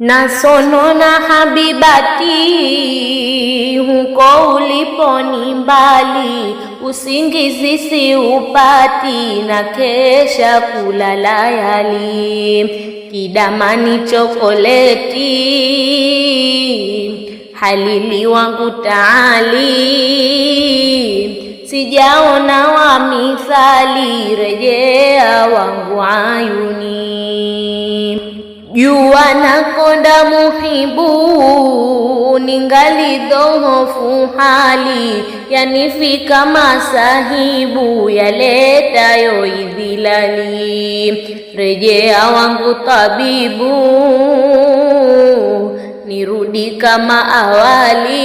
na sono na habibati, huko ulipo ni mbali, usingizi upati, na kesha kulala yali, kidamani chokoleti, halili wangu taali, sijaona wa mithali, rejea wangu ayuni Jua na konda muhibu, ningali dhohofu hali, yanifika masahibu, yo idhilali. Rejea wangu tabibu, nirudi kama awali,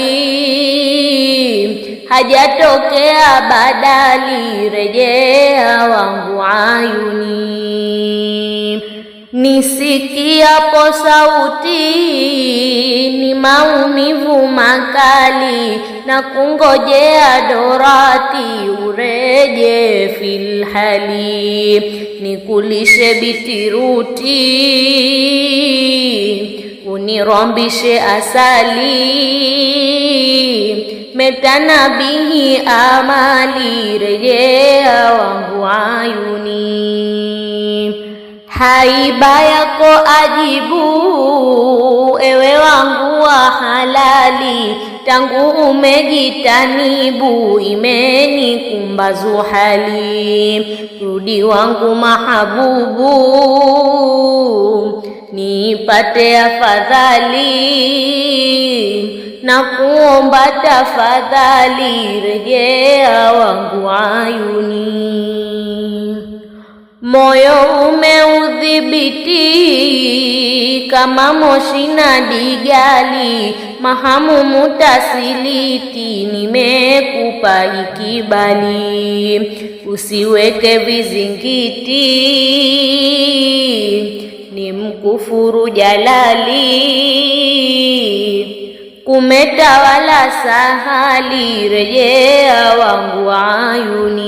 hajatokea badali. Rejea wangu ayuni Nisikiapo sauti ni maumivu makali, na kungojea dorati ureje filhali, nikulishe bitiruti unirombishe asali, bihi amali, rejea wangu ayuni haiba yako ajibu, ewe wangu wa halali, tangu umejitanibu, imenikumba zuhali. Rudi wangu mahabubu, nipate afadhali, na kuomba tafadhali, rejea wangu ayuni Moyo umeudhibiti kama moshi na digali, mahamu mutasiliti, nimekupa ikibali, usiweke vizingiti, ni mkufuru jalali, kumetawala sahali, rejea wangu ayuni